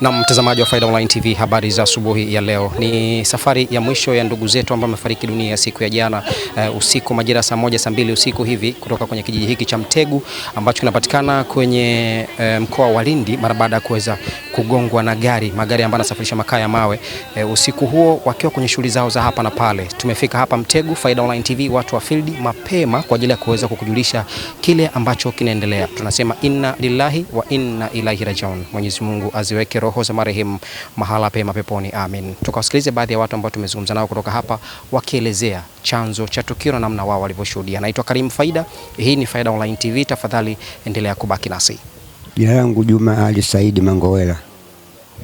Na mtazamaji wa Faida Online TV, habari za asubuhi ya leo. Ni safari ya mwisho ya ndugu zetu ambao wamefariki dunia siku ya jana uh, usiku majira saa moja saa mbili usiku hivi kutoka kwenye kijiji hiki cha Mtegu ambacho kinapatikana kwenye eh, mkoa wa Lindi mara baada ya kuweza kugongwa na gari, magari ambayo yanasafirisha makaa ya mawe uh, usiku huo wakiwa kwenye shughuli zao za hapa na pale. Tumefika hapa Mtegu, Faida Online TV, watu wa field mapema kwa ajili ya kuweza kukujulisha kile ambacho kinaendelea. Tunasema inna lillahi wa inna ilaihi rajiun. Mwenyezi Mungu aziweke roho za marehemu mahala pema peponi, amin. Tukawasikilize baadhi ya watu ambao tumezungumza nao kutoka hapa wakielezea chanzo cha tukio na namna wao walivyoshuhudia. Naitwa Karim Faida, hii ni Faida Online TV, tafadhali endelea kubaki nasi. Jina langu Juma Ali Saidi Mangowela.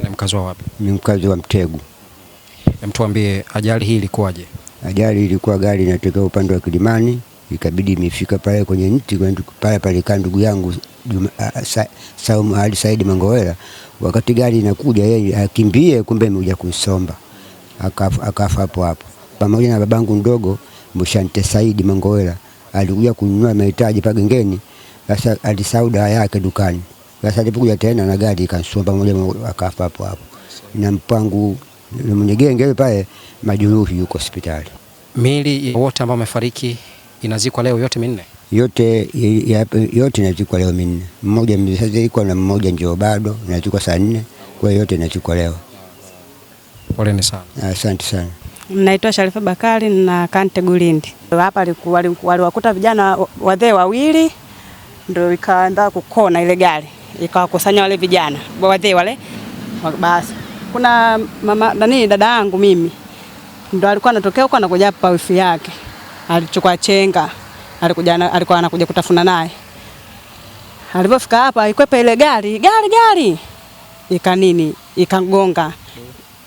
Ni mkazi wa wapi? Ni mkazi wa Mtegu. Mtuambie, ajali hii ilikuwaje? Ajali ilikuwa gari inatokea upande wa Kilimani, ikabidi imefika pale kwenye mti pale pale, kaa ndugu yangu ali Saidi Mangowela, wakati gari inakuja yeye akimbie, kumbe imekuja kusomba, akafa hapo hapo, pamoja na babangu mdogo Mshante Saidi Mangowela alikuja kununua mahitaji Pagengeni. Sasa alisauda yake dukani. Sasa alipokuja tena na gari ikansomba moja, akafa hapo hapo, na mpangu mwenye genge pale majeruhi yuko hospitali. Miili wote ambao wamefariki inazikwa leo yote minne yote yote inachukua leo minne, mmoja sasa na mmoja njoo bado inachukua saa nne, kwa hiyo yote inachukua leo. Poleni sana, asante sana. Naitwa Sharifa Bakari na Kante Gulindi. Hapa waliwakuta vijana wadhee wawili, ndio ikaanza kukona ile gari ikawakusanya wale vijana wadhee wale. Basi kuna mama nani, dada yangu mimi, ndio alikuwa anatokea huko anakuja hapa, wifi yake alichukua chenga alikuja alikuwa anakuja kutafuna naye. Alipofika hapa ikwepa ile gari gari gari ika nini ikagonga.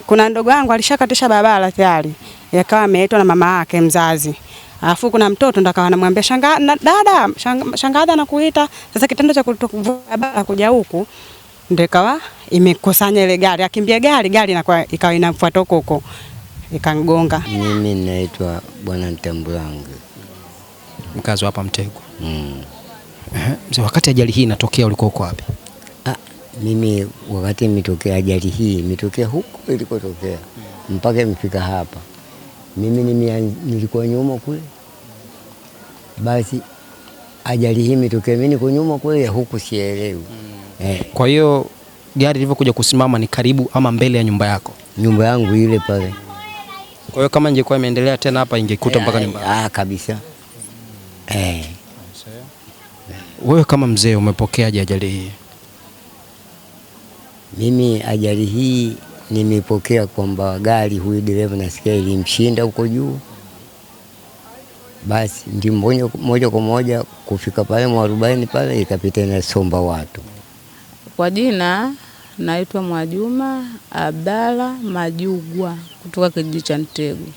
Kuna ndogo yangu alishakatisha barabara tayari, yakawa ameitwa na mama yake mzazi, alafu kuna mtoto ndo akawa anamwambia shangaa, dada shangaa shangaza na Sasa kitendo cha kutovuka barabara kuja huku ndio ikawa imekusanya ile gari, akimbia gari gari inakuwa ikawa inamfuata huko huko ikangonga. Mimi naitwa Bwana Ntambulange mkazi wa hapa Mtego. Mm. Mzee, wakati ajali hii inatokea ulikuwa uko wapi? Ah, mimi wakati imetokea ajali hii imetokea huko ilikotokea mpaka imefika hapa. Mimi nilikuwa nyuma kule, basi ajali hii imetokea, mimi niko nyuma kule ya huku sielewi. Mm. Eh. Kwa hiyo gari lilivyokuja kusimama ni karibu ama mbele ya nyumba yako? Nyumba yangu ile pale. Kwa hiyo kama ingekuwa imeendelea tena hapa ingekuta eh, mpaka nyumba. Ah, kabisa. Eh. Wewe kama mzee umepokeaje ajali hii? Mimi ajali hii nimepokea kwamba gari huyu dereva nasikia ilimshinda huko juu, basi ndio moja kwa moja kufika pale mwarobaini pale ikapita inasomba watu. Kwa jina naitwa Mwajuma Abdalla Majugwa kutoka kijiji cha Ntegu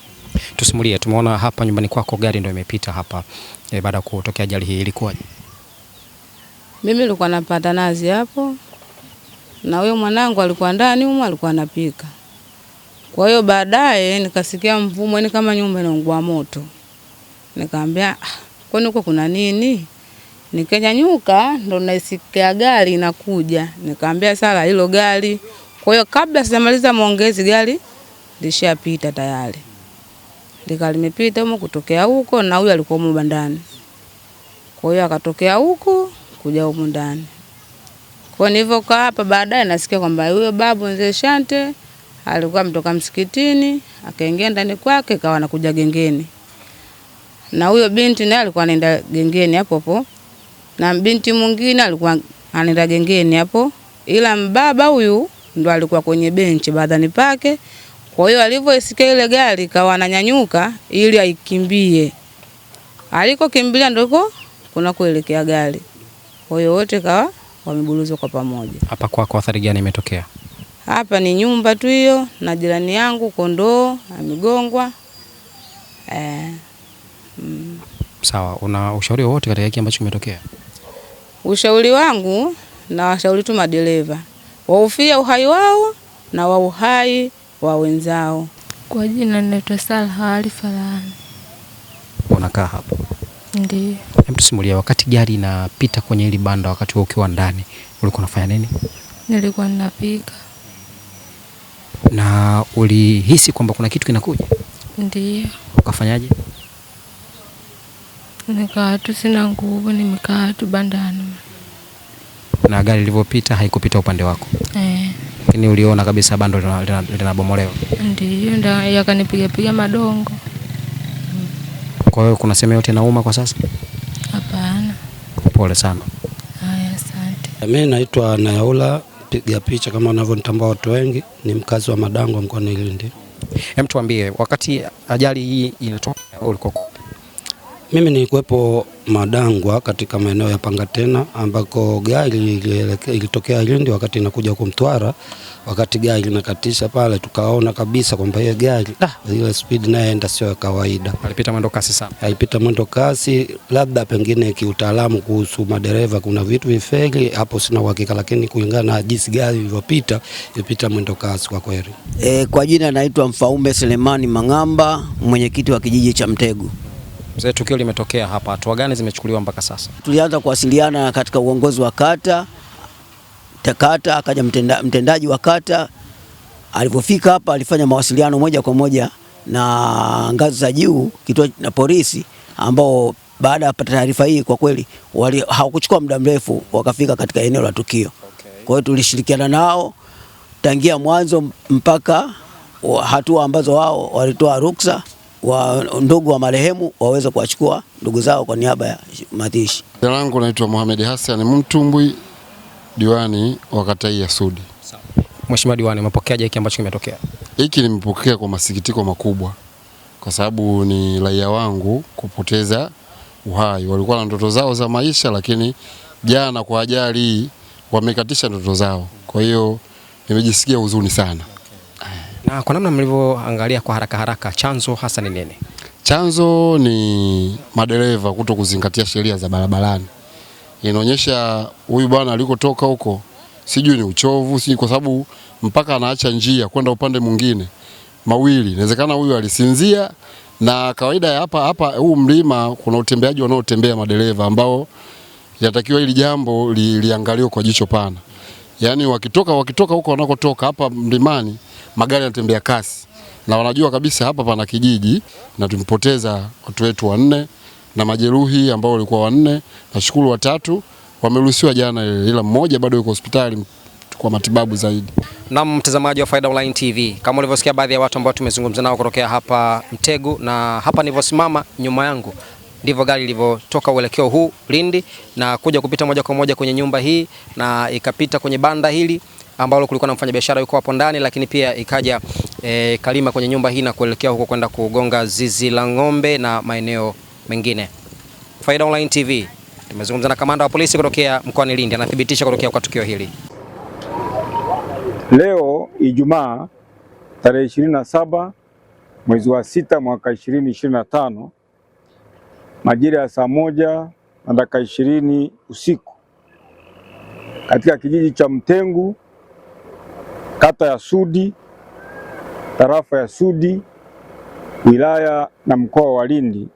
tusimulie, tumeona hapa nyumbani kwako gari ndio imepita hapa e, baada ya kutokea ajali hii ilikuwa Mimi nilikuwa napata nazi hapo na huyo mwanangu alikuwa ndani humo alikuwa anapika. Kwa hiyo baadaye nikasikia mvumo, ni kama nyumba inaungua moto. Nikaambia ah, kwani huko kuna nini? Nikenya nyuka ndo naisikia gari inakuja, nikaambia sala hilo gari. Kwa hiyo kabla sijamaliza maongezi gari lishapita tayari likawa limepita huko kutokea huko, na huyu alikuwa huko bandani, kwa hiyo akatokea huko kuja huko ndani. Kwa nilivyokaa hapa, baadaye nasikia kwamba huyo babu mzee Shante alikuwa ametoka msikitini akaingia ndani kwake, kawa anakuja gengeni, na huyo binti naye alikuwa anaenda gengeni hapo hapo, na binti mwingine alikuwa anaenda gengeni hapo, ila mbaba huyu ndo alikuwa kwenye benchi baadhani pake kwa hiyo alivyoisikia ile gari kawa ananyanyuka ili aikimbie, alikokimbilia ndoko kuna kuelekea gari. Kwa hiyo wote kawa wameburuzwa kwa pamoja. Hapa kwa athari gani imetokea? Hapa ni nyumba tu hiyo, na jirani yangu kondoo amegongwa. Eh, mm. Sawa, una ushauri wowote katika hiki ambacho kimetokea? Ushauri wangu na washauri tu madereva waufia uhai wao na wauhai wa wenzao. Kwa jina naitwa Sara Ali Farahani. Unakaa hapo Ndiyo. Hebu tusimulia, wakati gari inapita kwenye hili banda, wakati wewe ukiwa ndani ulikuwa unafanya nini? Nilikuwa ninapika. Na ulihisi kwamba kuna kitu kinakuja? Ndiyo. Ukafanyaje? Nikaa tu, sina nguvu, nimekaa tu bandani. Na gari ilivyopita haikupita upande wako? Eh. Lakini uliona kabisa bando linabomolewa? Ndio, ndio yakanipiga piga madongo. Kwa hiyo kuna sehemu yote inauma kwa sasa? Hapana. Pole sana. Haya, asante. Eh, mimi naitwa Nayaula piga picha, kama wanavyonitambua watu wengi, ni mkazi wa Madango mkoani Lindi. Hem, tuambie wakati ajali hii inatokea ulikokuwa? Mimi nilikuwepo Madangwa katika maeneo ya Pangatena ambako gari ilitokea Lindi wakati inakuja huko Mtwara. Wakati gari linakatisha pale, tukaona kabisa kwamba hiyo gari da, ah, ile speed inayoenda sio ya kawaida. Alipita mwendo kasi sana, alipita mwendo kasi. Labda pengine kiutaalamu kuhusu madereva kuna vitu vifeli hapo, sina uhakika, lakini kulingana na jinsi gari ilivyopita, ilipita mwendo kasi kwa kweli. E, kwa jina naitwa Mfaume Selemani Mang'amba, mwenyekiti wa kijiji cha Mtegu mzee, eh, tukio limetokea hapa, hatua gani zimechukuliwa mpaka sasa? Tulianza kuwasiliana katika uongozi wa kata takata, akaja mtenda, mtendaji wa kata. Alivyofika hapa alifanya mawasiliano moja kwa moja na ngazi za juu, kituo na polisi, ambao baada ya kupata taarifa hii kwa kweli hawakuchukua muda mrefu, wakafika katika eneo la tukio. Kwa hiyo tulishirikiana nao tangia mwanzo mpaka hatua ambazo wao walitoa ruksa wa ndugu wa marehemu waweze kuwachukua ndugu zao kwa niaba ya mazishi. Jina langu naitwa Mohamed Hassan Mtumbwi, diwani wa kata ya Sudi. Mheshimiwa diwani, umepokeaje hiki ambacho kimetokea? Hiki nimepokea kwa masikitiko makubwa, kwa sababu ni raia wangu kupoteza uhai. Walikuwa na ndoto zao za maisha, lakini jana kwa ajali hii wamekatisha ndoto zao. Kwa hiyo nimejisikia huzuni sana. Na ah, kwa namna mlivyoangalia kwa haraka haraka, chanzo hasa ni nini? Chanzo ni madereva kuto kuzingatia sheria za barabarani. Inaonyesha huyu bwana alikotoka huko, sijui ni uchovu, si kwa sababu mpaka anaacha njia kwenda upande mwingine mawili. Inawezekana huyu alisinzia, na kawaida ya hapa hapa huu mlima kuna utembeaji wanaotembea madereva ambao yatakiwa hili jambo li, liangaliwe kwa jicho pana yaani wakitoka wakitoka huko wanakotoka hapa mlimani, magari yanatembea kasi na wanajua kabisa hapa pana kijiji, na tumepoteza watu wetu wanne na majeruhi ambao walikuwa wanne. Nashukuru watatu wameruhusiwa jana, ila mmoja bado yuko hospitali kwa matibabu zaidi. Na mtazamaji wa Faida Online TV, kama ulivyosikia baadhi ya watu ambao tumezungumza nao kutokea hapa Mtegu, na hapa nilivyosimama nyuma yangu ndivyo gari lilivyotoka uelekeo huu Lindi na kuja kupita moja kwa moja kwenye nyumba hii na ikapita kwenye banda hili ambalo kulikuwa na mfanyabiashara yuko hapo ndani, lakini pia ikaja e, kalima kwenye nyumba hii na kuelekea huko kwenda kugonga zizi la ng'ombe na maeneo mengine. Faida Online TV tumezungumza na kamanda wa polisi kutokea mkoani Lindi, anathibitisha kutokea kwa tukio hili. Leo Ijumaa tarehe 27 mwezi wa 6 mwaka 2025 majira ya saa moja na dakika ishirini usiku katika kijiji cha Mtengu, kata ya Sudi, tarafa ya Sudi, wilaya na mkoa wa Lindi,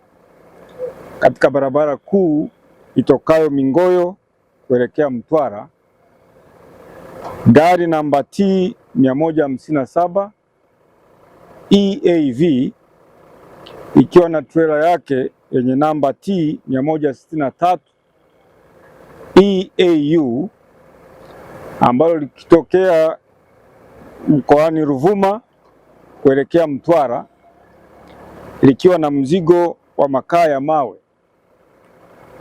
katika barabara kuu itokayo Mingoyo kuelekea Mtwara, gari namba T 157 EAV ikiwa na trela yake yenye namba T 163 EAU ambalo likitokea mkoani Ruvuma kuelekea Mtwara likiwa na mzigo wa makaa ya mawe.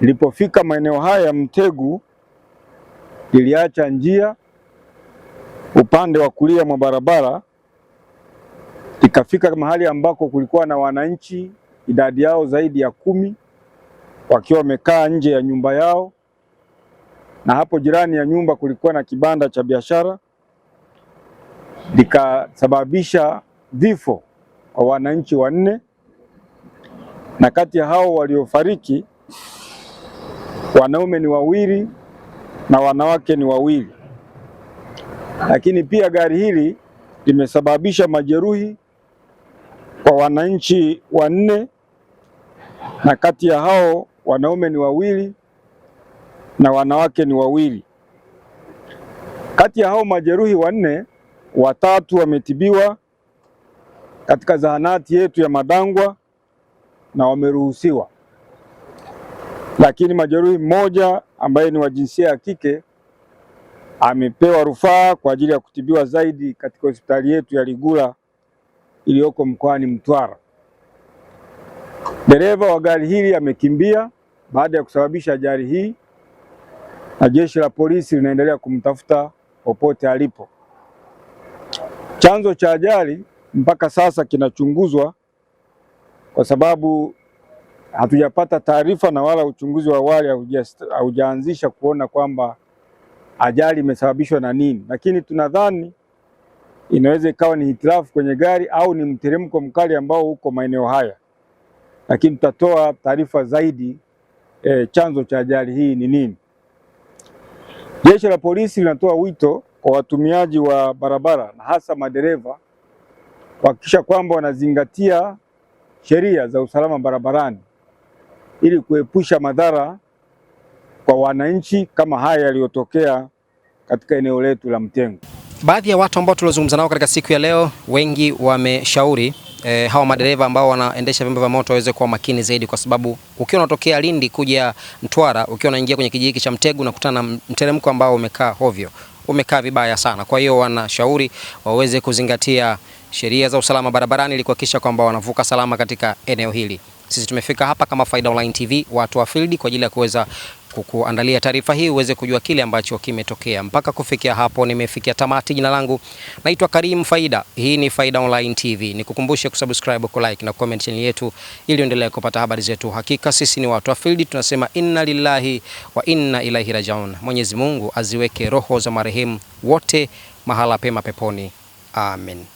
Lilipofika maeneo haya ya Mtegu, liliacha njia upande wa kulia mwa barabara, likafika mahali ambako kulikuwa na wananchi idadi yao zaidi ya kumi wakiwa wamekaa nje ya nyumba yao, na hapo jirani ya nyumba kulikuwa na kibanda cha biashara, likasababisha vifo kwa wananchi wanne, na kati ya hao waliofariki wanaume ni wawili na wanawake ni wawili. Lakini pia gari hili limesababisha majeruhi kwa wananchi wanne na kati ya hao wanaume ni wawili na wanawake ni wawili. Kati ya hao majeruhi wanne, watatu wametibiwa katika zahanati yetu ya Madangwa na wameruhusiwa, lakini majeruhi mmoja ambaye ni wa jinsia ya kike amepewa rufaa kwa ajili ya kutibiwa zaidi katika hospitali yetu ya Ligula iliyoko mkoani Mtwara. Dereva wa gari hili amekimbia baada ya kusababisha ajali hii, na jeshi la polisi linaendelea kumtafuta popote alipo. Chanzo cha ajali mpaka sasa kinachunguzwa kwa sababu hatujapata taarifa na wala uchunguzi wa awali haujaanzisha kuona kwamba ajali imesababishwa na nini, lakini tunadhani inaweza ikawa ni hitilafu kwenye gari au ni mteremko mkali ambao uko maeneo haya, lakini tutatoa taarifa zaidi e, chanzo cha ajali hii ni nini. Jeshi la polisi linatoa wito kwa watumiaji wa barabara na hasa madereva kuhakikisha kwamba wanazingatia sheria za usalama barabarani ili kuepusha madhara kwa wananchi kama haya yaliyotokea katika eneo letu la Mtengo. Baadhi ya watu ambao tuliozungumza nao katika siku ya leo, wengi wameshauri e, hawa madereva ambao wanaendesha vyombo vya moto waweze kuwa makini zaidi, kwa sababu ukiwa unatokea Lindi kuja Mtwara, ukiwa unaingia kwenye kijiji cha Mtegu unakutana na mteremko ambao umekaa hovyo, umekaa vibaya sana. Kwa hiyo wanashauri waweze kuzingatia sheria za usalama barabarani ili kuhakikisha kwamba wanavuka salama katika eneo hili. Sisi tumefika hapa kama Faida Online TV, watu wa field, kwa ajili ya kuweza kukuandalia taarifa hii uweze kujua kile ambacho kimetokea. Mpaka kufikia hapo nimefikia tamati. Jina langu naitwa Karim Faida. Hii ni Faida Online TV. Nikukumbushe kusubscribe, ku like na comment channel yetu ili uendelee kupata habari zetu. Hakika sisi ni watu wa field, tunasema inna lillahi wa inna ilaihi rajiun. Mwenyezi Mungu aziweke roho za marehemu wote mahala pema peponi. Amen.